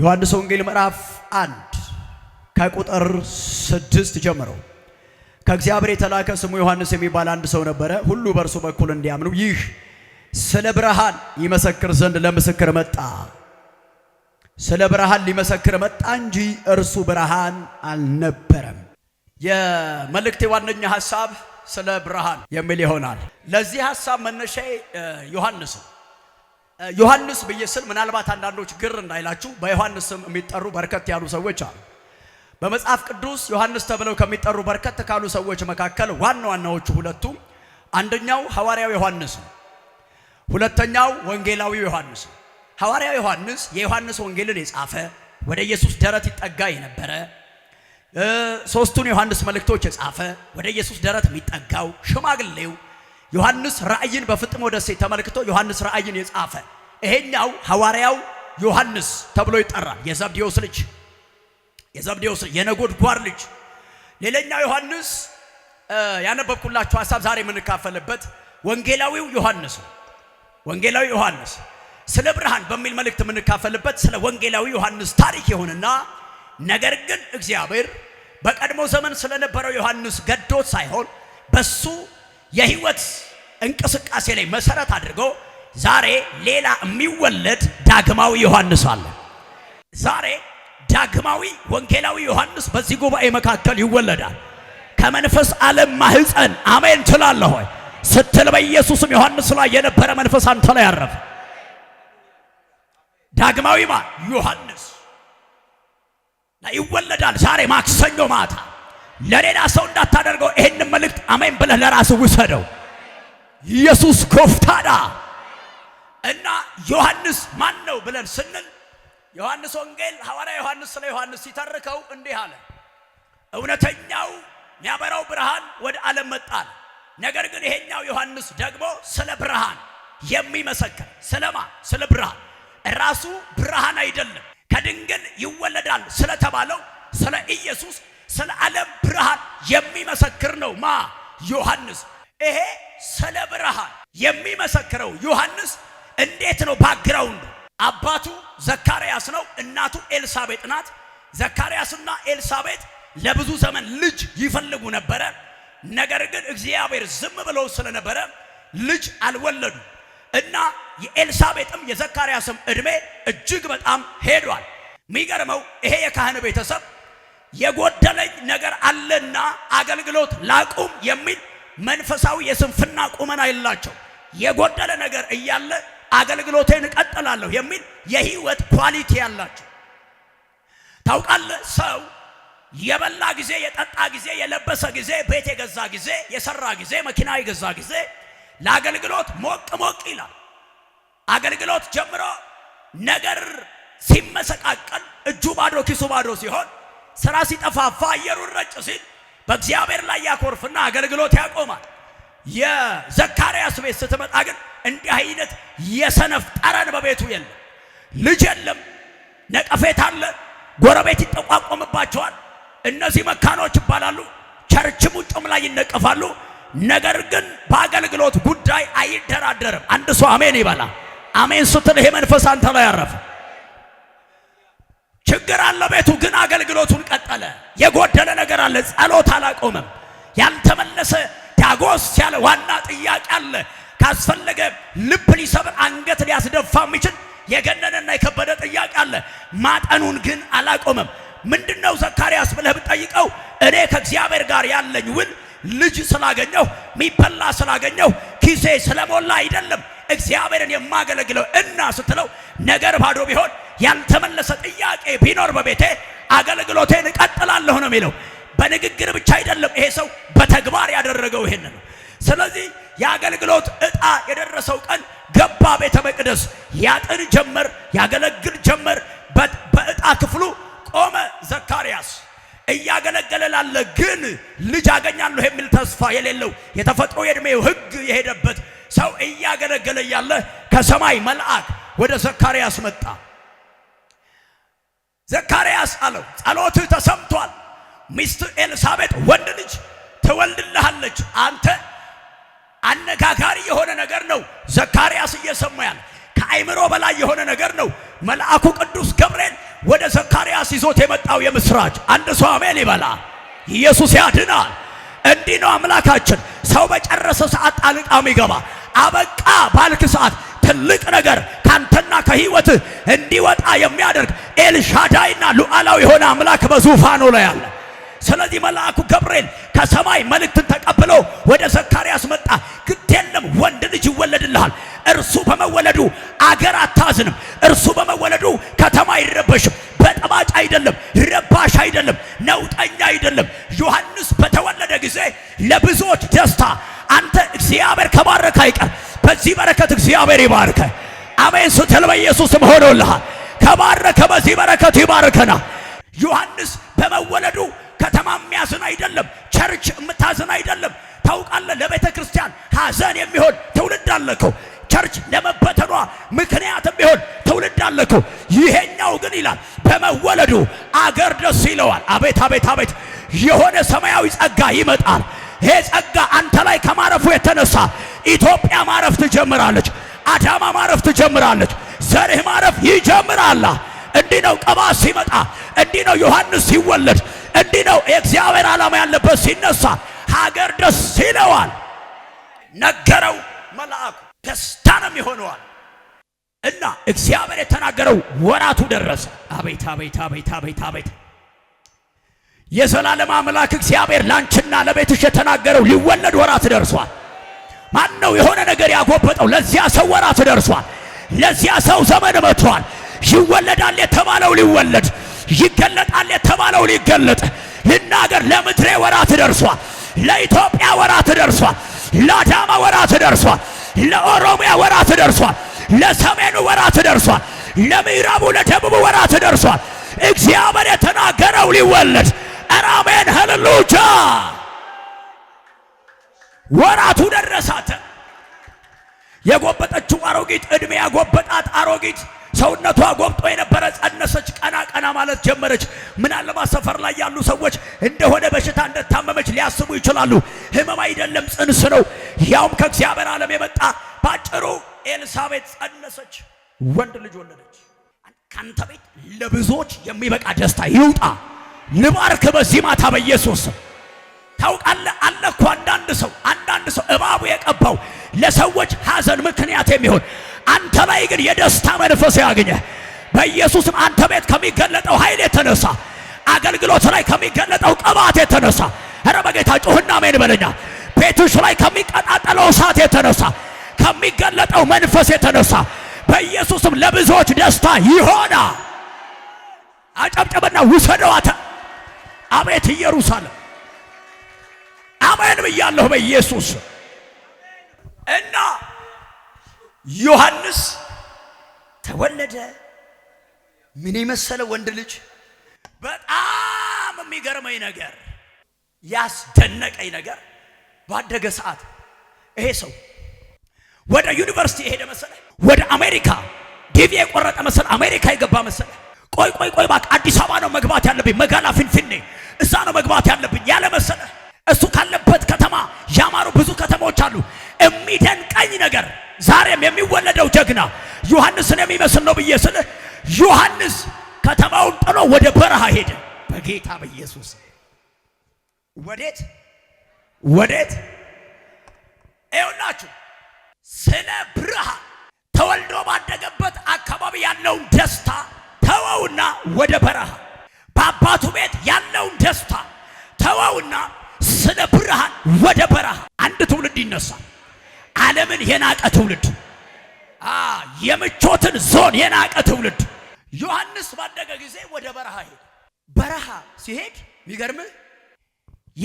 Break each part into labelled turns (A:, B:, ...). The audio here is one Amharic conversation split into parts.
A: ዮሐንስ ወንጌል ምዕራፍ አንድ ከቁጥር ስድስት ጀምሮ ከእግዚአብሔር የተላከ ስሙ ዮሐንስ የሚባል አንድ ሰው ነበረ። ሁሉ በእርሱ በኩል እንዲያምኑ ይህ ስለ ብርሃን ይመሰክር ዘንድ ለምስክር መጣ። ስለ ብርሃን ሊመሰክር መጣ እንጂ እርሱ ብርሃን አልነበረም። የመልእክቴ ዋነኛ ሐሳብ ስለ ብርሃን የሚል ይሆናል። ለዚህ ሐሳብ መነሻዬ ዮሐንስ ነው። ዮሐንስ ብዬ ስል ምናልባት አንዳንዶች ግር እንዳይላችሁ በዮሐንስ ስም የሚጠሩ በርከት ያሉ ሰዎች አሉ። በመጽሐፍ ቅዱስ ዮሐንስ ተብለው ከሚጠሩ በርከት ካሉ ሰዎች መካከል ዋና ዋናዎቹ ሁለቱ አንደኛው ሐዋርያው ዮሐንስ ነው። ሁለተኛው ወንጌላዊ ዮሐንስ ነው። ሐዋርያው ዮሐንስ የዮሐንስ ወንጌልን የጻፈ ወደ ኢየሱስ ደረት ይጠጋ የነበረ ሶስቱን ዮሐንስ መልእክቶች የጻፈ ወደ ኢየሱስ ደረት የሚጠጋው ሽማግሌው ዮሐንስ ራእይን በፍጥሞ ደሴ ተመልክቶ ዮሐንስ ራእይን የጻፈ ይሄኛው ሐዋርያው ዮሐንስ ተብሎ ይጠራል። የዘብዴዎስ ልጅ የዘብዴዎስ የነጎድጓድ ልጅ። ሌላኛው ዮሐንስ ያነበብኩላችሁ ሐሳብ ዛሬ የምንካፈልበት ወንጌላዊው ዮሐንስ ወንጌላዊ ዮሐንስ ስለ ብርሃን በሚል መልእክት የምንካፈልበት ስለ ወንጌላዊ ዮሐንስ ታሪክ ይሁንና ነገር ግን እግዚአብሔር በቀድሞ ዘመን ስለነበረው ዮሐንስ ገዶት ሳይሆን በሱ የህይወት እንቅስቃሴ ላይ መሰረት አድርጎ ዛሬ ሌላ የሚወለድ ዳግማዊ ዮሐንስ አለ። ዛሬ ዳግማዊ ወንጌላዊ ዮሐንስ በዚህ ጉባኤ መካከል ይወለዳል። ከመንፈስ ዓለም ማህፀን አሜን ትላለህ ሆይ ስትል በኢየሱስም ዮሐንስ ላይ የነበረ መንፈስ አንተ ላይ ያረፈ ዳግማዊ ማ ዮሐንስ ይወለዳል። ዛሬ ማክሰኞ ማታ ለሌላ ሰው እንዳታደርገው ይህንን መልእክት አሜን ብለህ ለራስህ ውሰደው። ኢየሱስ ኮፍታዳ እና ዮሐንስ ማን ነው ብለን ስንል ዮሐንስ ወንጌል ሐዋርያ ዮሐንስ ስለ ዮሐንስ ሲተርከው እንዲህ አለ። እውነተኛው የሚያበራው ብርሃን ወደ ዓለም መጣል። ነገር ግን ይሄኛው ዮሐንስ ደግሞ ስለ ብርሃን የሚመሰክር ስለማ ስለ ብርሃን ራሱ ብርሃን አይደለም ከድንግል ይወለዳል ስለተባለው ስለ ኢየሱስ ስለ ዓለም ብርሃን የሚመሰክር ነው ማ ዮሐንስ ይሄ ስለ ብርሃን የሚመሰክረው ዮሐንስ እንዴት ነው ባግራውንዱ? አባቱ ዘካርያስ ነው፣ እናቱ ኤልሳቤጥ ናት። ዘካርያስና ኤልሳቤጥ ለብዙ ዘመን ልጅ ይፈልጉ ነበረ። ነገር ግን እግዚአብሔር ዝም ብለው ስለነበረ ልጅ አልወለዱ እና የኤልሳቤጥም የዘካርያስም ዕድሜ እጅግ በጣም ሄዷል። የሚገርመው ይሄ የካህን ቤተሰብ የጎደለኝ ነገር አለና አገልግሎት ላቁም የሚል መንፈሳዊ የስንፍና ቁመና የላቸው። የጎደለ ነገር እያለ አገልግሎቴን እቀጥላለሁ የሚል የህይወት ኳሊቲ ያላቸው። ታውቃለህ ሰው የበላ ጊዜ፣ የጠጣ ጊዜ፣ የለበሰ ጊዜ፣ ቤት የገዛ ጊዜ፣ የሰራ ጊዜ፣ መኪና የገዛ ጊዜ ለአገልግሎት ሞቅ ሞቅ ይላል። አገልግሎት ጀምሮ ነገር ሲመሰቃቀል እጁ ባዶ ኪሱ ባዶ ሲሆን ስራ ሲጠፋፋ አየሩን ረጭ ሲል በእግዚአብሔር ላይ ያኮርፍና አገልግሎት ያቆማል። የዘካርያስ ቤት ስትመጣ ግን እንዲህ አይነት የሰነፍ ጠረን በቤቱ የለም። ልጅ የለም፣ ነቀፌት አለ፣ ጎረቤት ይጠቋቆምባቸዋል። እነዚህ መካኖች ይባላሉ። ቸርች ውጭም ላይ ይነቀፋሉ። ነገር ግን በአገልግሎት ጉዳይ አይደራደርም። አንድ ሰው አሜን ይበላ። አሜን ስትል ይሄ መንፈስ አንተ ላይ ያረፈ ችግር አለ ቤቱ ግን አገልግሎቱን ቀጠለ። የጎደለ ነገር አለ። ጸሎት አላቆመም። ያልተመለሰ ዳጎስ ያለ ዋና ጥያቄ አለ። ካስፈለገ ልብ ሊሰብር አንገት ሊያስደፋ የሚችል የገነነና የከበደ ጥያቄ አለ። ማጠኑን ግን አላቆመም። ምንድነው ዘካርያስ ብለህ ብጠይቀው እኔ ከእግዚአብሔር ጋር ያለኝ ውል ልጅ ስላገኘሁ፣ ሚበላ ስላገኘሁ፣ ኪሴ ስለሞላ አይደለም እግዚአብሔርን የማገለግለው እና ስትለው ነገር ባዶ ቢሆን ያልተመለሰ ጥያቄ ቢኖር በቤቴ አገልግሎቴን እቀጥላለሁ ነው የሚለው። በንግግር ብቻ አይደለም፣ ይሄ ሰው በተግባር ያደረገው ይሄን ነው። ስለዚህ የአገልግሎት እጣ የደረሰው ቀን ገባ። ቤተ መቅደስ ያጥን ጀመር፣ ያገለግል ጀመር። በእጣ ክፍሉ ቆመ ዘካርያስ። እያገለገለ ላለ ግን ልጅ አገኛለሁ የሚል ተስፋ የሌለው የተፈጥሮ የዕድሜው ሕግ የሄደበት ሰው እያገለገለ እያለ ከሰማይ መልአክ ወደ ዘካርያስ መጣ። ዘካርያስ አለው ጸሎትህ ተሰምቷል፣ ሚስት ኤልሳቤጥ ወንድ ልጅ ትወልድልሃለች። አንተ አነጋጋሪ የሆነ ነገር ነው ዘካርያስ እየሰማ ያለ ከአይምሮ በላይ የሆነ ነገር ነው። መልአኩ ቅዱስ ገብርኤል ወደ ዘካርያስ ይዞት የመጣው የምስራች አንድ ሰው አሜን ይበላ። ኢየሱስ ያድናል። እንዲህ ነው አምላካችን። ሰው በጨረሰ ሰዓት ጣልቃም ይገባ አበቃ ባልክ ሰዓት ትልቅ ነገር ካንተና ከህይወትህ እንዲወጣ የሚያደርግ ኤልሻዳይና ሉዓላዊ የሆነ አምላክ በዙፋኑ ላይ አለ። ስለዚህ መልአኩ ገብርኤል ከሰማይ መልእክትን ተቀብሎ ወደ ዘካርያስ መጣ። ግድ የለም ወንድ ልጅ ይወለድልሃል እርሱ በመወለዱ አገር አታዝንም። እርሱ በመወለዱ ከተማ አይረበሽም። በጠባጭ አይደለም፣ ረባሽ አይደለም፣ ነውጠኛ አይደለም። ዮሐንስ በተወለደ ጊዜ ለብዙዎች ደስታ። አንተ እግዚአብሔር ከባረከ አይቀር በዚህ በረከት እግዚአብሔር ይባርከ። አሜን ስትል በኢየሱስም ሆኖልሃል። ከባረከ በዚህ በረከት ይባርከና። ዮሐንስ በመወለዱ ከተማ የሚያዝን አይደለም፣ ቸርች የምታዝን አይደለም። ታውቃለህ፣ ለቤተ ክርስቲያን ሐዘን የሚሆን ትውልድ አለከው። ቸርች ለመበተኗ ምክንያትም ቢሆን ትውልድ አለከው። ይሄኛው ግን ይላል በመወለዱ አገር ደስ ይለዋል። አቤት አቤት አቤት! የሆነ ሰማያዊ ጸጋ ይመጣል። ይሄ ጸጋ አንተ ላይ ከማረፉ የተነሳ ኢትዮጵያ ማረፍ ትጀምራለች። አዳማ ማረፍ ትጀምራለች። ዘርህ ማረፍ ይጀምራላ። እንዲህ ነው ቀባ ሲመጣ፣ እንዲህ ነው ዮሐንስ ሲወለድ፣ እንዲህ ነው የእግዚአብሔር ዓላማ ያለበት ሲነሳ ሀገር ደስ ይለዋል ነገረው መልአኩ። ደስታ ነው እና እግዚአብሔር የተናገረው ወራቱ ደረሰ። አቤት አቤት አቤት አቤት አቤት! የዘላለም አምላክ እግዚአብሔር ላንችና ለቤትሽ የተናገረው ሊወለድ ወራት ደርሷል። ማን ነው የሆነ ነገር ያጎበጠው? ለዚያ ሰው ወራት ደርሷል። ለዚያ ሰው ዘመን መጥቷል። ይወለዳል የተባለው ሊወለድ፣ ይገለጣል የተባለው ሊገለጥ። ልናገር፣ ለምድሬ ወራት ደርሷል። ለኢትዮጵያ ወራት ደርሷል። ለአዳማ ወራት ደርሷል። ለኦሮሚያ ወራት ደርሷል። ለሰሜኑ ወራት ደርሷል። ለምዕራቡ ለደቡቡ ወራት ደርሷል። እግዚአብሔር የተናገረው ሊወለድ አራሜን ሃሌሉያ ወራቱ ደረሳተ የጎበጠችው አሮጊት እድሜ ያጎበጣት አሮጊት ሰውነቷ ጎብጦ የነበረ ጸነሰች። ቀና ቀና ማለት ጀመረች። ምናልባት ሰፈር ላይ ያሉ ሰዎች እንደሆነ በሽታ እንደታመመች ሊያስቡ ይችላሉ። ህመም አይደለም፣ ጽንስ ነው። ያውም ከእግዚአብሔር ዓለም የመጣ ባጭሩ ኤልሳቤት ጸነሰች፣ ወንድ ልጅ ወለደች። ካንተ ቤት ለብዙዎች የሚበቃ ደስታ ይውጣ። ልባርክ በዚህ ማታ በኢየሱስ ታውቃለህ። አለኩ አንዳንድ ሰው አንዳንድ ሰው እባቡ የቀባው ለሰዎች ሀዘን ምክንያት የሚሆን አንተ ላይ ግን የደስታ መንፈስ ያገኘ በኢየሱስም አንተ ቤት ከሚገለጠው ኃይል የተነሳ አገልግሎት ላይ ከሚገለጠው ቅባት የተነሳ ኧረ በጌታ ጩህና ሜን በለኛ ቤትሽ ላይ ከሚቀጣጠለው እሳት የተነሳ ከሚገለጠው መንፈስ የተነሳ በኢየሱስም ለብዙዎች ደስታ ይሆና አጨብጨበና ውሰደዋተ አቤት ኢየሩሳሌም አሜን ብያለሁ በኢየሱስ እና ዮሐንስ ተወለደ። ምን የመሰለ ወንድ ልጅ! በጣም የሚገርመኝ ነገር ያስደነቀኝ ነገር ባደገ ሰዓት ይሄ ሰው ወደ ዩኒቨርሲቲ የሄደ መሰለ፣ ወደ አሜሪካ ዲቪ የቆረጠ መሰለ፣ አሜሪካ የገባ መሰለ። ቆይ ቆይ ቆይ ባክ አዲስ አበባ ነው መግባት ያለብኝ፣ መጋላ ፊንፊኔ፣ እዛ ነው መግባት ያለብኝ ያለ መሰለ። እሱ ካለበት ከተማ ያማሩ ብዙ ከተሞች አሉ። የሚደንቀኝ ነገር ዛሬም የሚወለደው ጀግና ዮሐንስን የሚመስል ነው ብዬ ስል ዮሐንስ ከተማውን ጥሎ ወደ በረሃ ሄደ። በጌታ በኢየሱስ ወዴት ወዴት? ይኸውላችሁ ስለ ብርሃን ተወልዶ ባደገበት አካባቢ ያለውን ደስታ ተወውና ወደ በረሃ በአባቱ ቤት ያለውን ደስታ ተወውና ስለ ብርሃን ወደ በረሃ አንድ ትውልድ ይነሳል። ዓለምን የናቀ ትውልድ፣ የምቾትን ዞን የናቀ ትውልድ። ዮሐንስ ባደገ ጊዜ ወደ በረሃ ሄደ። በረሃ ሲሄድ የሚገርምህ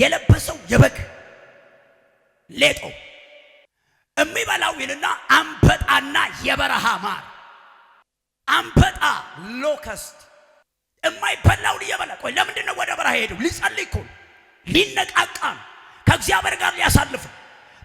A: የለበሰው የበግ ሌጦ የሚበላው ይልና አንበጣና የበረሃ ማር አንበጣ ሎከስት የማይበላውን እየበላ ቆይ፣ ለምንድን ነው ወደ በረሃ ሄደው? ሊጸልይ እኮ ሊነቃቃ ከእግዚአብሔር ጋር ሊያሳልፍ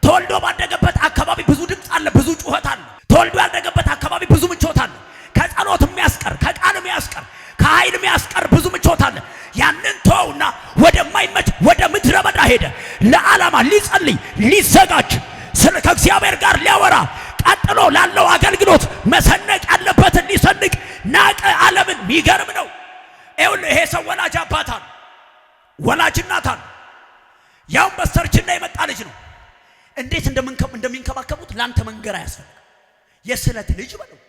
A: ተወልዶ ባደገበት አካባቢ ብዙ ድምፅ አለ፣ ብዙ ጩኸት አለ። ተወልዶ ያደገበት አካባቢ ብዙ ምቾት አለ። ከጸሎት የሚያስቀር ከቃል የሚያስቀር ከኃይል የሚያስቀር ብዙ ምቾት አለ። ያንን ተወውና ወደማይመች ወደ ምድረ በዳ ሄደ። ለዓላማ ሊጸልይ ሊዘጋጅ ስለ ከእግዚአብሔር ጋር ሊያወራ ቀጥሎ ላለው አገልግሎት መሰነቅ ያለበት እንዲሰንቅ ናቀ ዓለምን። የሚገርም ነው። ይኸውልህ ይሄ ሰው ወላጅ አባታ ወላጅ እናታን ያውም በስተርጅና የመጣ ልጅ ነው። እንዴት እንደሚንከባከቡት ለአንተ መንገር አያስፈልግም። የስለት ልጅ በለው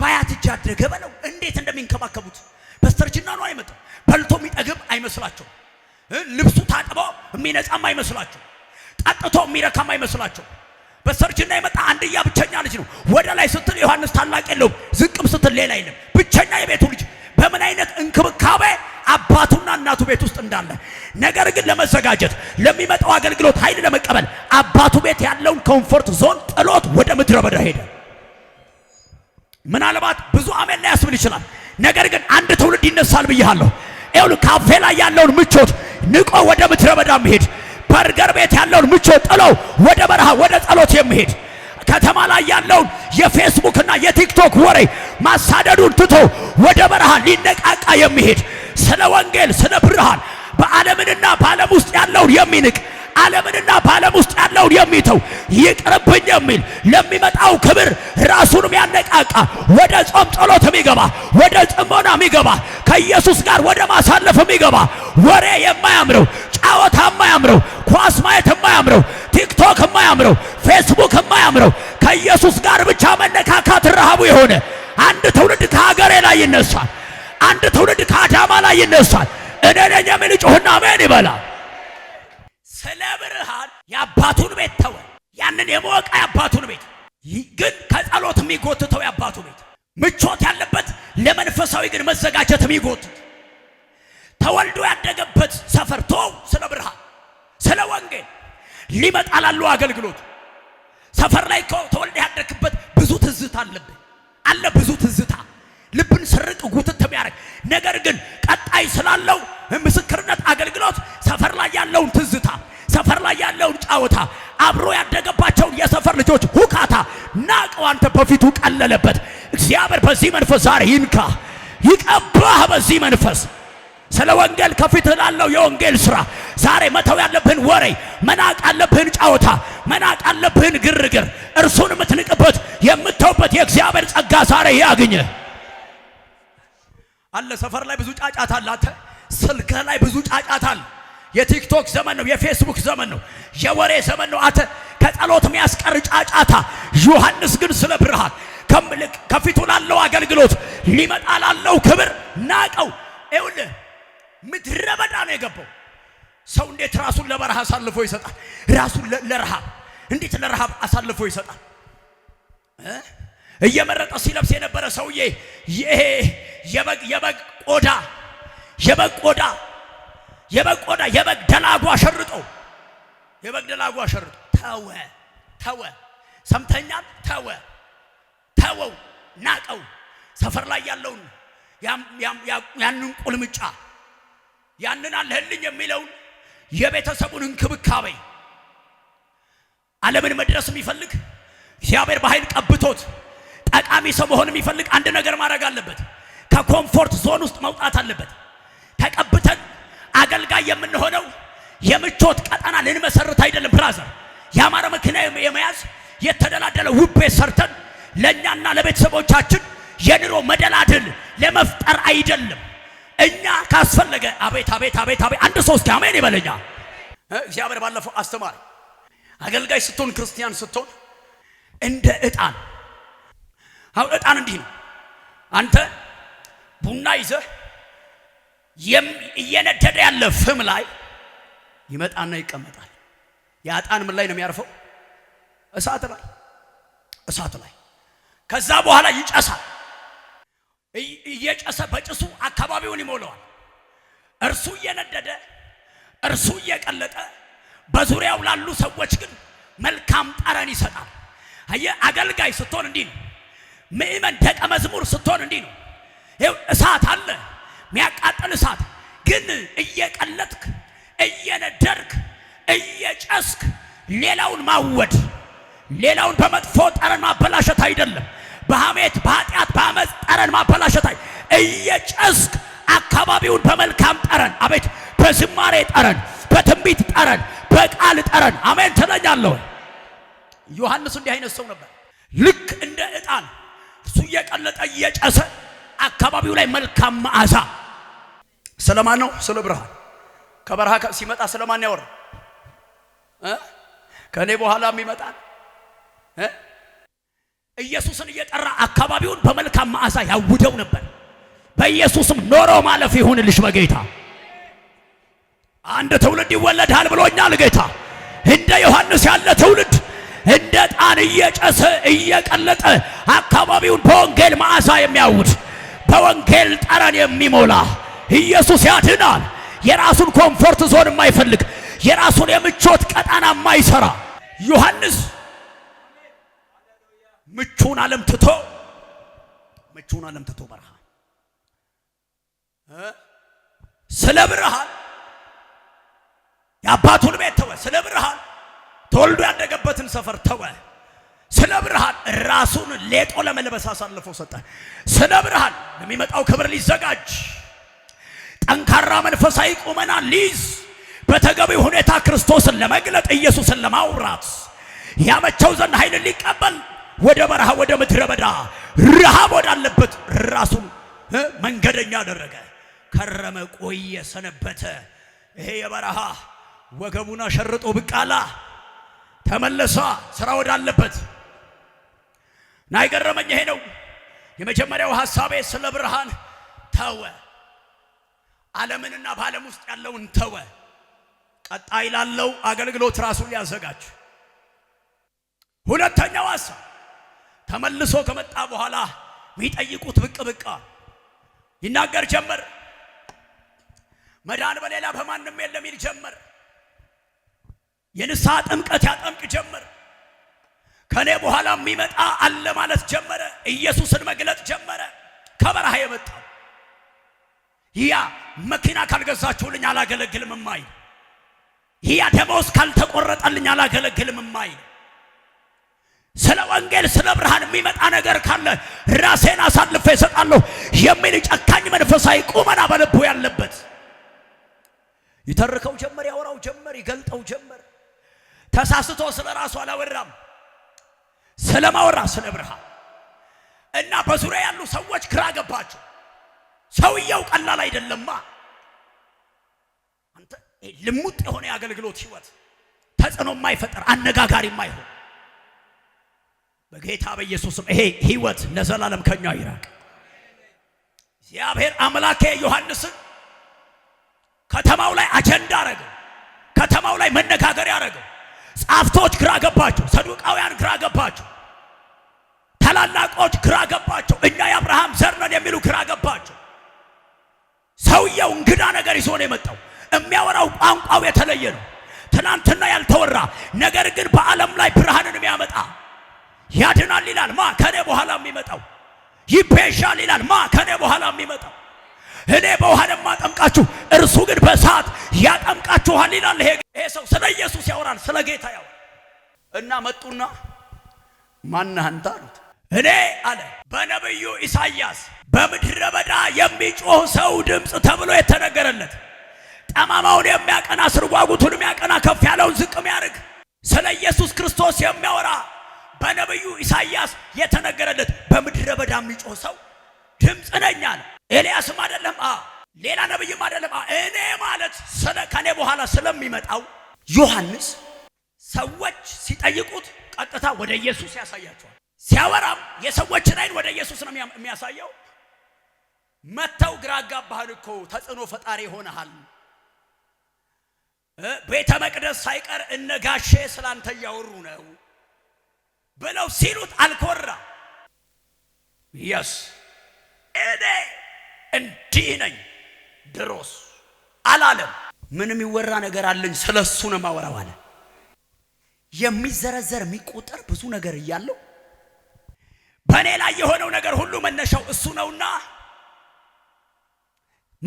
A: ባያት እጅ አደገ በለው እንዴት እንደሚንከባከቡት በስተርጅና ነው አይመጣም። በልቶ የሚጠግብ አይመስላቸው፣ ልብሱ ታጥቦ የሚነጻም አይመስላቸው፣ ጠጥቶ የሚረካም አይመስላቸው። በስተርጅና የመጣ አንድያ ብቸኛ ልጅ ነው። ወደ ላይ ስትል ዮሐንስ ታላቅ የለውም፣ ዝቅም ስትል ሌላ የለም። ብቸኛ የቤቱ ልጅ በምን አይነት እንክብካቤ አባቱና እናቱ ቤት ውስጥ እንዳለ ነገር ግን ለመዘጋጀት ለሚመጣው አገልግሎት ኃይል ለመቀበል አባቱ ቤት ያለውን ኮምፎርት ዞን ጥሎት ወደ ምድረ በዳ ሄደ። ምናልባት ብዙ አሜን ላይ ያስብል ይችላል። ነገር ግን አንድ ትውልድ ይነሳል ብያለሁ። ኤውል ካፌ ላይ ያለውን ምቾት ንቆ ወደ ምድረ በዳ መሄድ፣ በርገር ቤት ያለውን ምቾት ጥሎ ወደ በረሃ ወደ ጸሎት የሚሄድ ከተማ ላይ ያለውን የፌስቡክና የቲክቶክ ወሬ ማሳደዱን ትቶ ወደ በረሃ ሊነቃቃ የሚሄድ ስለ ወንጌል፣ ስለ ብርሃን በዓለምንና በዓለም ውስጥ ያለውን የሚንቅ ዓለምንና በዓለም ውስጥ ያለውን የሚተው ይቅርብኝ የሚል ለሚመጣው ክብር ራሱን የሚያነቃቃ ወደ ጾም ጸሎት የሚገባ ወደ ጽሞና የሚገባ ከኢየሱስ ጋር ወደ ማሳለፍ የሚገባ ወሬ የማያምረው ጫወታ የማያምረው ኳስ ማየት የማያምረው ቲክቶክ የማያምረው ፌስቡክ የማያምረው ከኢየሱስ ጋር ብቻ መነካካት ረሃቡ የሆነ አንድ ትውልድ ከሀገሬ ላይ ይነሳል። አንድ ትውልድ ከአዳማ ላይ ይነሳል። እኔ ነኝ የሚል ጮህና አሜን ይበላል። ስለ ብርሃን የአባቱን ቤት ተወ። ያንን የመወቃ የአባቱን ቤት ግን ከጸሎት የሚጎትተው የአባቱ ቤት ምቾት ያለበት ለመንፈሳዊ ግን መዘጋጀት የሚጎትት ተወልዶ ያደገበት ሰፈር ተወው። ስለ ብርሃን ስለ ወንጌል ሊመጣ ላለው አገልግሎት ሰፈር ላይ ተወልደ ያደግበት ብዙ ትዝታ አለብህ አለ ብዙ ትዝታ ልብን ስርቅ ጉትት የሚያደርግ ነገር ግን ቀጣይ ስላለው ምስክርነት አገልግሎት ሰፈር ላይ ያለውን ትዝታ፣ ሰፈር ላይ ያለውን ጫወታ፣ አብሮ ያደገባቸውን የሰፈር ልጆች ሁካታ ናቀው አንተ በፊቱ ቀለለበት። እግዚአብሔር በዚህ መንፈስ ዛሬ ይንካ ይቀባህ። በዚህ መንፈስ ስለ ወንጌል ከፊት ላለው የወንጌል ስራ ዛሬ መተው ያለብህን ወሬ መናቅ አለብህን፣ ጫወታ መናቅ አለብህን፣ ግርግር እርሱን የምትንቅበት የምተውበት የእግዚአብሔር ጸጋ ዛሬ ያግኝህ። አለ። ሰፈር ላይ ብዙ ጫጫታ አለ። አንተ ስልክ ላይ ብዙ ጫጫታ አለ። የቲክቶክ ዘመን ነው። የፌስቡክ ዘመን ነው። የወሬ ዘመን ነው። አንተ ከጸሎት የሚያስቀር ጫጫታ። ዮሐንስ ግን ስለ ብርሃን ከፊቱ ላለው አገልግሎት ሊመጣ ላለው ክብር ናቀው። ይኸውልህ ምድረ በዳ ነው የገባው። ሰው እንዴት ራሱን ለበረሃ አሳልፎ ይሰጣል? ራሱን ለረሃብ እንዴት ለረሃብ አሳልፎ ይሰጣል? እየመረጠ ሲለብስ የነበረ ሰውዬ ይሄ የበግ የበግ ቆዳ የበግ ቆዳ የበግ ቆዳ የበግ ደላጓ አሸርጦ የበግ ደላጓ አሸርጦ ተወ ተወ ሰምተኛል ተወ ተወው ናቀው ሰፈር ላይ ያለውን ያንን ቁልምጫ ያንን አለህልኝ የሚለውን የቤተሰቡን እንክብካቤ ዓለምን መድረስ የሚፈልግ እግዚአብሔር በኃይል ቀብቶት ጠቃሚ ሰው መሆን የሚፈልግ አንድ ነገር ማድረግ አለበት። ከኮምፎርት ዞን ውስጥ መውጣት አለበት። ተቀብተን አገልጋይ የምንሆነው የምቾት ቀጠና ልንመሰርት አይደለም። ብራዘር የአማረ መኪና የመያዝ የተደላደለ ውብ ቤት ሰርተን ለእኛና ለቤተሰቦቻችን የኑሮ መደላድል ለመፍጠር አይደለም። እኛ ካስፈለገ አቤት አቤት አቤት አቤት አንድ ሰው እስኪ አሜን ይበለኛ። እግዚአብሔር ባለፈው አስተማሪ አገልጋይ ስትሆን ክርስቲያን ስትሆን እንደ ዕጣን አሁን ዕጣን እንዲህ ነው። አንተ ቡና ይዘህ እየነደደ ያለ ፍም ላይ ይመጣና ይቀመጣል። ያ ዕጣን ምን ላይ ነው የሚያርፈው? እሳት ላይ እሳት ላይ። ከዛ በኋላ ይጨሳል። እየጨሰ በጭሱ አካባቢውን ይሞላዋል። እርሱ እየነደደ እርሱ እየቀለጠ በዙሪያው ላሉ ሰዎች ግን መልካም ጠረን ይሰጣል። አየ አገልጋይ ስትሆን እንዲህ ነው። ምእመን ደቀ መዝሙር ስትሆን እንዲህ ነው። ይኸው እሳት አለ የሚያቃጥል እሳት፣ ግን እየቀለጥክ እየነደርክ እየጨስክ ሌላውን ማወድ ሌላውን በመጥፎ ጠረን ማበላሸት አይደለም። በሐሜት በኃጢአት በአመፅ ጠረን ማበላሸት አይ እየጨስክ አካባቢውን በመልካም ጠረን አቤት፣ በዝማሬ ጠረን፣ በትንቢት ጠረን፣ በቃል ጠረን አሜን ትለኛለሁ። ዮሐንስ እንዲህ አይነት ሰው ነበር። ልክ እንደ ዕጣን እየቀለጠ እየጨሰ አካባቢው ላይ መልካም መዓዛ ስለማን ነው? ስለ ብርሃን። ከበረሃ ሲመጣ ስለማን ያወራ? ከእኔ በኋላ የሚመጣ ኢየሱስን እየጠራ አካባቢውን በመልካም መዓዛ ያውደው ነበር። በኢየሱስም ኖሮ ማለፍ ይሁንልሽ በጌታ አንድ ትውልድ ይወለዳል ብሎኛል ጌታ። እንደ ዮሐንስ ያለ ትውልድ እንደ ጣን እየጨሰ እየቀለጠ አካባቢውን በወንጌል መዓዛ የሚያውድ በወንጌል ጠረን የሚሞላ ኢየሱስ ያድናል። የራሱን ኮምፎርት ዞን የማይፈልግ የራሱን የምቾት ቀጠና የማይሰራ ዮሐንስ ምቹን ዓለም ትቶ ምቹን ዓለም ትቶ በረሃ ስለ ብርሃን የአባቱን ቤት ተወ። ስለ ብርሃን ተወልዶ ያደገበትን ሰፈር ተወ። ስለ ብርሃን ራሱን ሌጦ ለመልበስ አሳልፎ ሰጠ። ስለ ብርሃን ለሚመጣው ክብር ሊዘጋጅ ጠንካራ መንፈሳዊ ቁመና ሊይዝ በተገቢው ሁኔታ ክርስቶስን ለመግለጥ ኢየሱስን ለማውራት ያመቸው ዘንድ ኃይልን ሊቀበል ወደ በረሃ ወደ ምድረ በዳ ረሃብ ወዳለበት ራሱን መንገደኛ አደረገ። ከረመ፣ ቆየ፣ ሰነበተ። ይሄ የበረሃ ወገቡን አሸርጦ ብቃላ ተመለሳ ስራ ወዳለበት እና የገረመኝ ይሄ ነው። የመጀመሪያው ሐሳቤ ስለ ብርሃን ተወ፣ ዓለምንና በዓለም ውስጥ ያለውን ተወ። ቀጣይ ላለው አገልግሎት ራሱን ሊያዘጋጅ። ሁለተኛው ሐሳብ ተመልሶ ከመጣ በኋላ የሚጠይቁት ብቅ ብቅ ይናገር ጀመር። መዳን በሌላ በማንም የለም ይል ጀመር። የንስሐ ጥምቀት ያጠምቅ ጀመረ። ከኔ በኋላ የሚመጣ አለ ማለት ጀመረ። ኢየሱስን መግለጥ ጀመረ። ከበረሃ የመጣው ያ መኪና ካልገዛችሁልኝ አላገለግልም ማይ ያ ደመወዝ ካልተቆረጠልኝ አላገለግልም ማይ ስለ ወንጌል ስለ ብርሃን የሚመጣ ነገር ካለ ራሴን አሳልፈ ይሰጣለሁ የሚል ጨካኝ መንፈሳዊ ቁመና በልቡ ያለበት ይተርከው ጀመር፣ ያወራው ጀመር፣ ይገልጠው ጀመር። ተሳስቶ ስለ ራሱ አላወራም፣ ስለማወራ ስለ ብርሃን እና በዙሪያ ያሉ ሰዎች ግራ ገባቸው። ሰውየው ቀላል አይደለማ። አንተ ልሙጥ የሆነ የአገልግሎት ህይወት ተጽዕኖ የማይፈጠር አነጋጋሪ የማይሆን በጌታ በኢየሱስም ይሄ ህይወት ለዘላለም ከኛ ይራቅ። እግዚአብሔር አምላኬ ዮሐንስን ከተማው ላይ አጀንዳ አረገው። አፍቶች ግራ ገባቸው፣ ሰዱቃውያን ግራ ገባቸው፣ ታላላቆች ግራ ገባቸው፣ እኛ የአብርሃም ዘር ነን የሚሉ ግራ ገባቸው። ሰውየው እንግዳ ነገር ይዞ ነው የመጣው። የሚያወራው ቋንቋው የተለየ ነው። ትናንትና ያልተወራ ነገር ግን በዓለም ላይ ብርሃንን የሚያመጣ ያድናል ይላል ማ ከኔ በኋላ የሚመጣው ይቤዣል ይላል ማ ከኔ በኋላ የሚመጣው እኔ በውሃ የማጠምቃችሁ እርሱ ግን በእሳት ያጠምቃችኋል ይላል። ይሄ ሰው ስለ ኢየሱስ ያወራል፣ ስለ ጌታ ያወራል። እና መጡና ማነህ አንተ አሉት። እኔ አለ በነቢዩ ኢሳይያስ በምድረ በዳ የሚጮህ ሰው ድምፅ ተብሎ የተነገረለት ጠማማውን የሚያቀና ስርጓጉቱን የሚያቀና ከፍ ያለውን ዝቅ የሚያርግ ስለ ኢየሱስ ክርስቶስ የሚያወራ በነቢዩ ኢሳይያስ የተነገረለት በምድረ በዳ የሚጮህ ሰው ድምፅ ነኝ አለ። ኤልያስም አይደለም፣ ሌላ ነብይም አይደለም። እኔ ማለት ስለ ከኔ በኋላ ስለሚመጣው ዮሐንስ ሰዎች ሲጠይቁት ቀጥታ ወደ ኢየሱስ ያሳያቸዋል። ሲያወራም የሰዎችን አይን ወደ ኢየሱስ ነው የሚያሳየው። መተው ግራ አጋባህን እኮ ተጽዕኖ ፈጣሪ ሆነሃል። ቤተ መቅደስ ሳይቀር እነ ጋሼ ስላንተ እያወሩ ነው ብለው ሲሉት አልኮራ የስ እኔ እንዲህ ነኝ ድሮስ አላለም። ምንም የሚወራ ነገር አለኝ ስለሱ ነው ማወራው አለ። የሚዘረዘር የሚቆጠር ብዙ ነገር እያለው በእኔ ላይ የሆነው ነገር ሁሉ መነሻው እሱ ነውና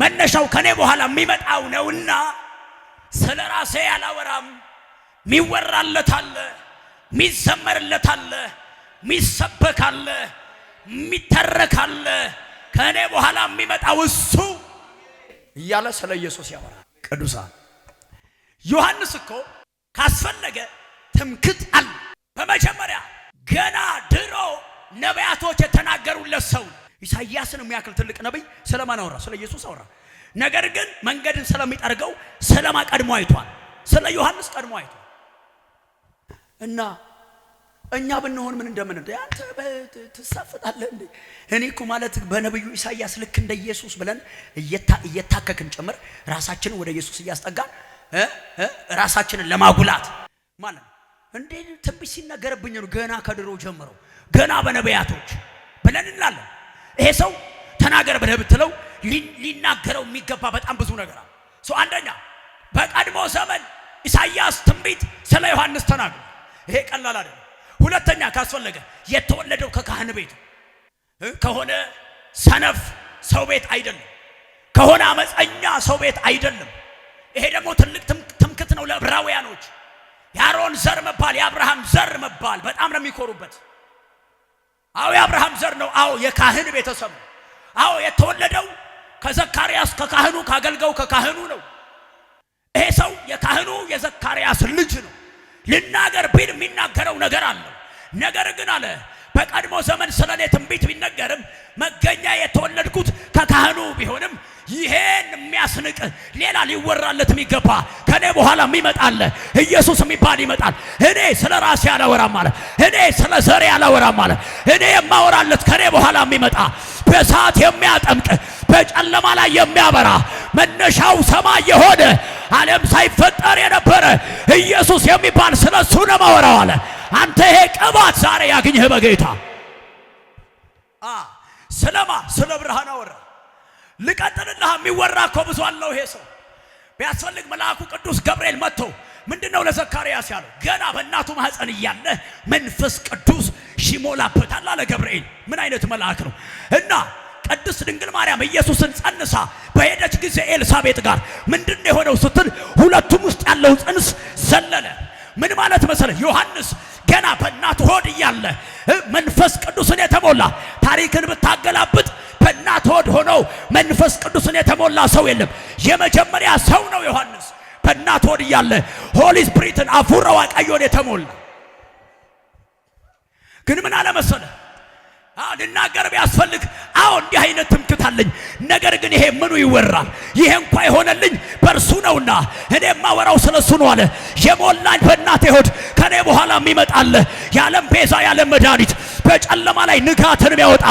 A: መነሻው ከኔ በኋላ የሚመጣው ነውና ስለ ራሴ ያላወራም። ሚወራለት አለ፣ ሚዘመርለት አለ፣ ሚሰበክ አለ፣ ሚተረክ አለ። ከእኔ በኋላ የሚመጣው እሱ እያለ ስለ ኢየሱስ ያወራል። ቅዱሳን ዮሐንስ እኮ ካስፈለገ ትምክት አለ። በመጀመሪያ ገና ድሮ ነቢያቶች የተናገሩለት ሰው ኢሳይያስን የሚያክል ትልቅ ነቢይ ስለማን አወራ? ስለ ኢየሱስ አወራ። ነገር ግን መንገድን ስለሚጠርገው ስለማ ቀድሞ አይቷል። ስለ ዮሐንስ ቀድሞ አይቷል እና እኛ ብንሆን ምን እንደምን እንደ አንተ ትሳፈጣለህ እንዴ? እኔ እኮ ማለት በነብዩ ኢሳያስ ልክ እንደ ኢየሱስ ብለን እየታከክን ጭምር ራሳችንን ወደ ኢየሱስ እያስጠጋን ራሳችንን ለማጉላት ማለት ነው። እንዴ ትንቢት ሲነገርብኝ ነው ገና ከድሮ ጀምሮ ገና በነቢያቶች ብለን እንላለን። ይሄ ሰው ተናገር ብለህ ብትለው ሊናገረው የሚገባ በጣም ብዙ ነገር አለ። ሰው አንደኛ በቀድሞ ዘመን ኢሳያስ ትንቢት ስለ ዮሐንስ ተናግሯል። ይሄ ቀላል አይደለም። ሁለተኛ ካስፈለገ የተወለደው ከካህን ቤት ከሆነ ሰነፍ ሰው ቤት አይደለም፣ ከሆነ አመፀኛ ሰው ቤት አይደለም። ይሄ ደግሞ ትልቅ ትምክት ነው ለዕብራውያኖች። የአሮን ዘር መባል የአብርሃም ዘር መባል በጣም ነው የሚኮሩበት። አዎ የአብርሃም ዘር ነው። አዎ የካህን ቤተሰብ ነው። አዎ የተወለደው ከዘካርያስ ከካህኑ ካገልገው ከካህኑ ነው። ይሄ ሰው የካህኑ የዘካርያስ ልጅ ነው። ልናገር ቢል የሚናገረው ነገር አለው። ነገር ግን አለ በቀድሞ ዘመን ስለኔ ትንቢት ቢነገርም መገኛ የተወለድኩት ከካህኑ ቢሆንም ይሄን የሚያስንቅ ሌላ ሊወራለት የሚገባ ከኔ በኋላ የሚመጣለ ኢየሱስ የሚባል ይመጣል። እኔ ስለ ራሴ አላወራም አለ። እኔ ስለ ዘሬ አላወራም አለ። እኔ የማወራለት ከኔ በኋላ የሚመጣ በእሳት የሚያጠምቅ በጨለማ ላይ የሚያበራ መነሻው ሰማይ የሆነ ዓለም ሳይፈጠር የነበረ ኢየሱስ የሚባል ስለ እሱ ነው የማወራው አለ። አንተ ይሄ ቅባት ዛሬ ያግኝህ በጌታ ስለማ ስለ ብርሃን አወራ ልቀጥልልህ። የሚወራ እኮ ብዙ አለው ይሄ ሰው። ቢያስፈልግ መልአኩ ቅዱስ ገብርኤል መጥቶ ምንድነው ለዘካርያስ ያለው? ገና በእናቱ ማህፀን እያለ መንፈስ ቅዱስ ይሞላበታል አለ ገብርኤል። ምን አይነት መልአክ ነው! እና ቅድስት ድንግል ማርያም ኢየሱስን ጸንሳ በሄደች ጊዜ ኤልሳቤጥ ጋር ምንድነው የሆነው ስትል ሁለቱም ውስጥ ያለው ጽንስ ዘለለ። ምን ማለት መሰለ ዮሐንስ ገና በእናቱ ሆድ እያለ መንፈስ ቅዱስን የተሞላ ታሪክን ብታገላብጥ በእናት ሆድ ሆነው መንፈስ ቅዱስን የተሞላ ሰው የለም። የመጀመሪያ ሰው ነው ዮሐንስ። በእናት ሆድ እያለ ሆሊ ስፕሪትን አፉረዋ ቀዮን የተሞላ ግን ምን አለመሰለ አዎ ልናገር ቢያስፈልግ፣ አዎ እንዲህ አይነት ትምክት አለኝ። ነገር ግን ይሄ ምኑ ይወራል? ይሄ እንኳ የሆነልኝ በእርሱ ነውና እኔ ማወራው ስለሱ ነው አለ። የሞላኝ በእናቴ ሆድ ከኔ በኋላ የሚመጣለ የዓለም ቤዛ የዓለም መድኃኒት፣ በጨለማ ላይ ንጋትን የሚያወጣ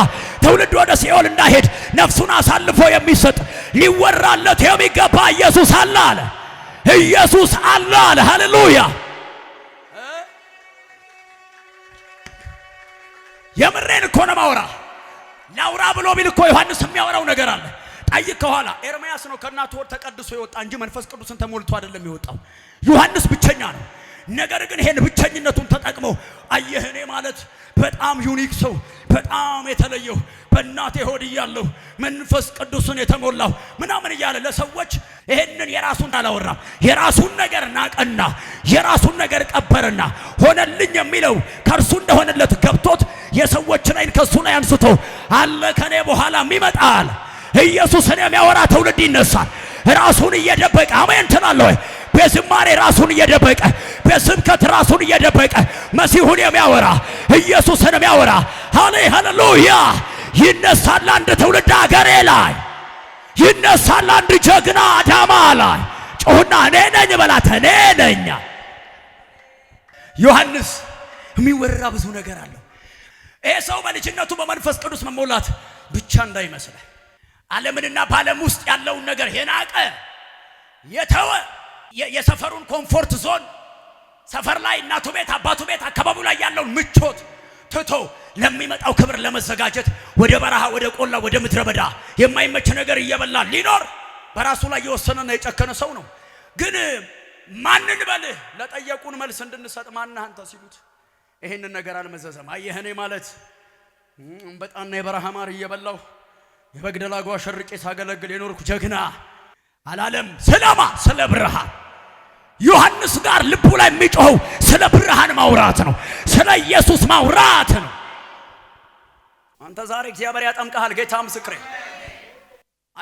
A: ትውልድ ወደ ሲኦል እንዳይሄድ ነፍሱን አሳልፎ የሚሰጥ ሊወራለት የሚገባ ኢየሱስ አለ አለ። ኢየሱስ አለ አለ። ሃሌሉያ የምሬን እኮ ነው ማውራ ላውራ ብሎ ቢል እኮ ዮሐንስ የሚያወራው ነገር አለ። ጠይቅ ከኋላ ኤርምያስ ነው ከእናቱ ወር ተቀድሶ የወጣ እንጂ መንፈስ ቅዱስን ተሞልቶ አይደለም የወጣው። ዮሐንስ ብቸኛ ነው። ነገር ግን ይሄን ብቸኝነቱን ተጠቅሞ አየህ እኔ ማለት በጣም ዩኒክ ሰው በጣም የተለየሁ በእናቴ ሆድ እያለሁ መንፈስ ቅዱስን የተሞላሁ ምናምን እያለ ለሰዎች ይህንን የራሱን አላወራም። የራሱን ነገር ናቀና የራሱን ነገር ቀበረና ሆነልኝ የሚለው ከእርሱ እንደሆነለት ገብቶት የሰዎችን አይን ከእሱ ላይ አንስቶ አለ ከኔ በኋላ ይመጣል ኢየሱስን የሚያወራ ትውልድ ይነሳል። ራሱን እየደበቀ አሜን ትላለህ ወይ? በዝማሬ ራሱን እየደበቀ በስብከት ራሱን እየደበቀ መሲሁን የሚያወራ ኢየሱስን የሚያወራ ሃሌ ሃሌሉያ። ይነሳል አንድ ትውልድ አገሬ ላይ ይነሳል አንድ ጀግና አዳማ ላይ። ጮህና እኔ ነኝ በላት። እኔ ነኝ ዮሐንስ። የሚወራ ብዙ ነገር አለው። ይሄ ሰው በልጅነቱ በመንፈስ ቅዱስ መሞላት ብቻ እንዳይመስል ዓለምንና በዓለም ውስጥ ያለውን ነገር የናቀ የተወ የሰፈሩን ኮምፎርት ዞን ሰፈር ላይ እናቱ ቤት አባቱ ቤት አካባቢው ላይ ያለውን ምቾት ትቶ ለሚመጣው ክብር ለመዘጋጀት ወደ በረሃ፣ ወደ ቆላ፣ ወደ ምድረ በዳ የማይመች ነገር እየበላ ሊኖር በራሱ ላይ የወሰነና የጨከነ ሰው ነው። ግን ማንን በልህ ለጠየቁን መልስ እንድንሰጥ ማን አንተ ሲሉት ይህንን ነገር አልመዘዘም። አየህ እኔ ማለት አንበጣና የበረሃ ማር እየበላሁ የበግ ደላጓ ሸርቄ ሳገለግል የኖርኩ ጀግና አላለም። ስለማ ስለ ብርሃን ዮሐንስ ጋር ልቡ ላይ የሚጮኸው ስለ ብርሃን ማውራት ነው፣ ስለ ኢየሱስ ማውራት ነው። አንተ ዛሬ እግዚአብሔር ያጠምቀሃል። ጌታ ምስክሬ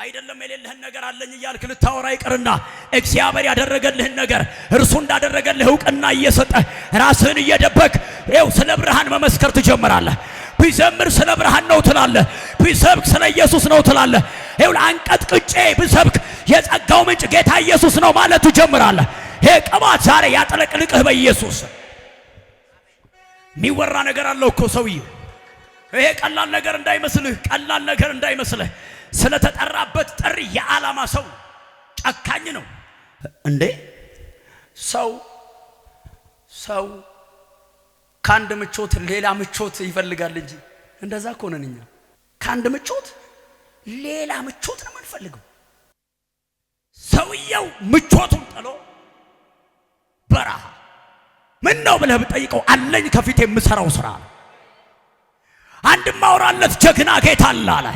A: አይደለም የሌለህን ነገር አለኝ እያልክ ልታወራ ይቅርና እግዚአብሔር ያደረገልህን ነገር እርሱ እንዳደረገልህ እውቅና እየሰጠ ራስህን እየደበክ ይኸው ስለ ብርሃን መመስከር ትጀምራለህ። ቢዘምር ስለ ብርሃን ነው ትላለህ፣ ቢሰብክ ስለ ኢየሱስ ነው ትላለህ። ይኸው አንቀጥቅጬ ብሰብክ የጸጋው ምንጭ ጌታ ኢየሱስ ነው ማለት ትጀምራለህ። ይሄ ቅባት ዛሬ ያጥለቅልቅህ በኢየሱስ የሚወራ ነገር አለው እኮ ሰውዬ። ይሄ ቀላል ነገር እንዳይመስልህ፣ ቀላል ነገር እንዳይመስልህ። ስለተጠራበት ጥሪ የዓላማ ሰው ጨካኝ ነው እንዴ! ሰው ሰው ከአንድ ምቾት ሌላ ምቾት ይፈልጋል እንጂ እንደዛ እኮ እኛ። ከአንድ ምቾት ሌላ ምቾት ነው የምንፈልገው። ሰውየው ምቾቱን ጥሎ በረሃ ምን ነው ብለህ ብጠይቀው አለኝ ከፊት የምሰራው ስራ አንድ ማውራለት ጀግና ጌታ አለ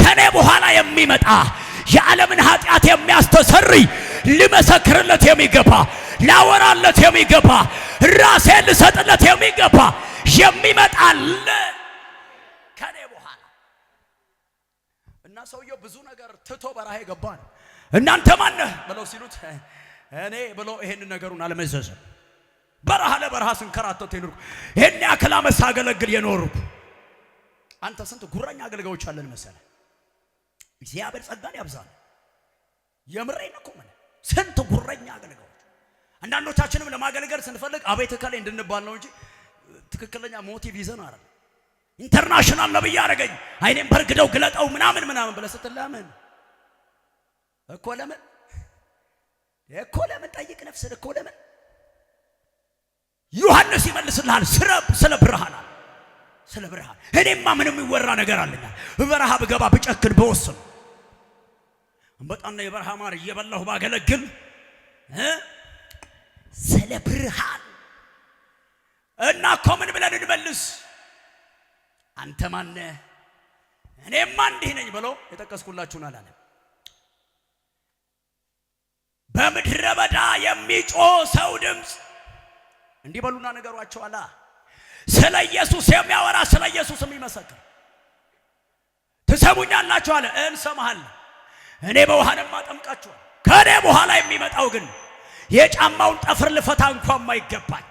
A: ከኔ በኋላ የሚመጣ የዓለምን ኃጢአት የሚያስተሰሪ ልመሰክርለት የሚገባ ላወራለት የሚገባ ራሴ ልሰጥለት የሚገባ የሚመጣል ከኔ በኋላ እና ሰውየው ብዙ ነገር ትቶ በረሃ የገባ ነው። እናንተ ማነህ ብለው ሲሉት እኔ ብሎ ይሄንን ነገሩን አለመዘዘ። በረሃ ለበረሃ ስንከራተት የኖርኩ ይሄን ያክል ዓመት ሳገለግል የኖርኩ አንተ ስንት ጉረኛ አገልጋዮች አለን መሰለ። እግዚአብሔር ጸጋን ያብዛል። የምሬ ነው ምን ስንት ጉረኛ አገልጋዮች። አንዳንዶቻችንም ለማገልገል ስንፈልግ አቤት እከሌ እንድንባል ነው እንጂ ትክክለኛ ሞቲቭ ይዘን አረ ኢንተርናሽናል ነብይ አደረገኝ አይኔም በርግደው ግለጠው ምናምን ምናምን ብለህ እኮ ለምን እኮ ለምን ጠይቅ ነፍስን እኮ ለምን ዮሐንስ ይመልስልሃል። ስለ ብርሃን ስለ ብርሃን እኔማ ምንም የሚወራ ነገር አለኛ በበረሃ ብገባ ብጨክን ብወስን አንበጣና የበረሃ ማር እየበላሁ ባገለግል ስለ ብርሃን እና እኮ ምን ብለን እንመልስ? አንተ ማነህ? እኔማ እንዲህ ነኝ ብሎ የጠቀስኩላችሁን አላለም። በምድረ በዳ የሚጮህ ሰው ድምፅ እንዲህ በሉና ነገሯቸው አላ ስለ ኢየሱስ የሚያወራ ስለ ኢየሱስ የሚመሰክር ትሰሙኛላችሁ አለ። እንሰማሃል እኔ በውሃንም አጠምቃችኋል። ከእኔ በኋላ የሚመጣው ግን የጫማውን ጠፍር ልፈታ እንኳን ማይገባኝ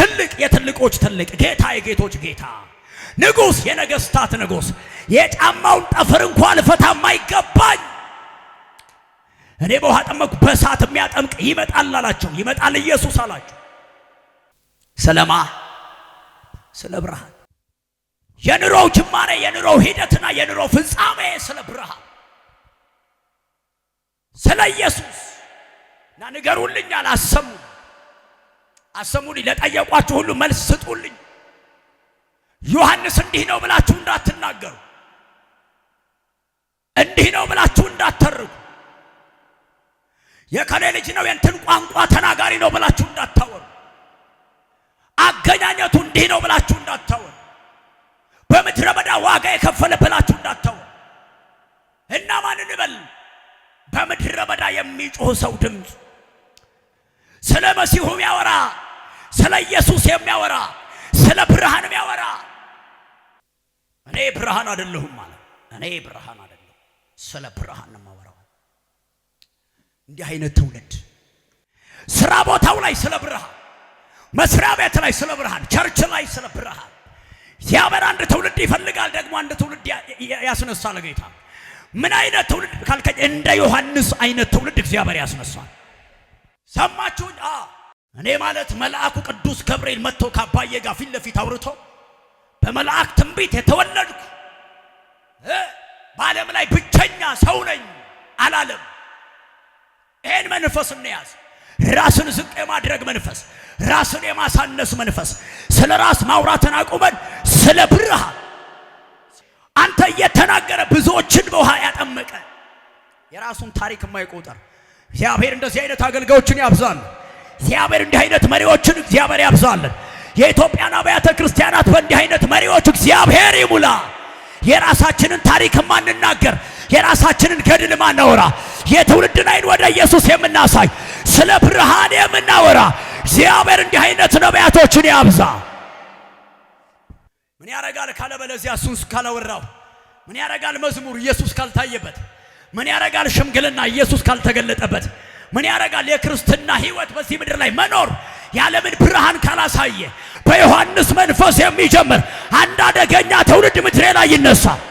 A: ትልቅ የትልቆች ትልቅ ጌታ የጌቶች ጌታ ንጉሥ የነገሥታት ንጉሥ የጫማውን ጠፍር እንኳን ልፈታ ማይገባኝ እኔ በውሃ ጠመኩ፣ በእሳት የሚያጠምቅ ይመጣል አላቸው። ይመጣል ኢየሱስ አላቸው። ስለማ ስለ ብርሃን የኑሮው ጅማሬ የኑሮው ሂደትና የኑሮው ፍጻሜ ስለ ብርሃን ስለ ኢየሱስ እና ንገሩልኝ አላሰሙ አሰሙልኝ፣ ለጠየቋችሁ ሁሉ መልስ ስጡልኝ። ዮሐንስ እንዲህ ነው ብላችሁ እንዳትናገሩ፣ እንዲህ ነው ብላችሁ እንዳትተርኩ የከሌ ልጅ ነው የእንትን ቋንቋ ተናጋሪ ነው ብላችሁ እንዳታወሩ። አገኛኘቱ እንዲህ ነው ብላችሁ እንዳታወሩ። በምድረ በዳ ዋጋ የከፈለ ብላችሁ እንዳታወሩ። እና ማን እንበል? በምድረ በዳ የሚጮህ ሰው ድምፅ፣ ስለ መሲሁ የሚያወራ ስለ ኢየሱስ የሚያወራ ስለ ብርሃን የሚያወራ እኔ ብርሃን አይደለሁም ማለት እኔ ብርሃን አይደለሁም ስለ ብርሃን ነው እንዲህ አይነት ትውልድ ስራ ቦታው ላይ ስለ ብርሃን፣ መስሪያ ቤት ላይ ስለ ብርሃን፣ ቸርች ላይ ስለ ብርሃን ሲያበር አንድ ትውልድ ይፈልጋል። ደግሞ አንድ ትውልድ ያስነሳል ጌታ። ምን አይነት ትውልድ ካልከኝ እንደ ዮሐንስ አይነት ትውልድ እግዚአብሔር ያስነሳል። ሰማችሁኝ? አ እኔ ማለት መልአኩ ቅዱስ ገብርኤል መጥቶ ካባዬ ጋር ፊት ለፊት አውርቶ በመልአክ ትንቢት የተወለድኩ በዓለም ላይ ብቸኛ ሰው ነኝ አላለም። ይህን መንፈስ እንያዝ። ራስን ዝቅ የማድረግ መንፈስ፣ ራስን የማሳነስ መንፈስ፣ ስለ ራስ ማውራትን አቁመን ስለ ብርሃን አንተ እየተናገረ ብዙዎችን በውሃ ያጠመቀ የራሱን ታሪክ የማይቆጠር እግዚአብሔር እንደዚህ አይነት አገልጋዮችን ያብዛል። እግዚአብሔር እንዲህ አይነት መሪዎችን እግዚአብሔር ያብዛልን። የኢትዮጵያን አብያተ ክርስቲያናት በእንዲህ አይነት መሪዎች እግዚአብሔር ይሙላ። የራሳችንን ታሪክ ማንናገር የራሳችንን ገድል ማናወራ፣ የትውልድን አይን ወደ ኢየሱስ የምናሳይ፣ ስለ ብርሃን የምናወራ እግዚአብሔር እንዲህ አይነት ነቢያቶችን ያብዛ። ምን ያረጋል ካለበለዚያ እሱን ካላወራው ምን ያረጋል መዝሙር ኢየሱስ ካልታየበት ምን ያረጋል ሽምግልና ኢየሱስ ካልተገለጠበት ምን ያረጋል የክርስትና ሕይወት በዚህ ምድር ላይ መኖር የዓለምን ብርሃን ካላሳየ በዮሐንስ መንፈስ የሚጀምር አንድ አደገኛ ትውልድ ምድሬ ላይ ይነሳል።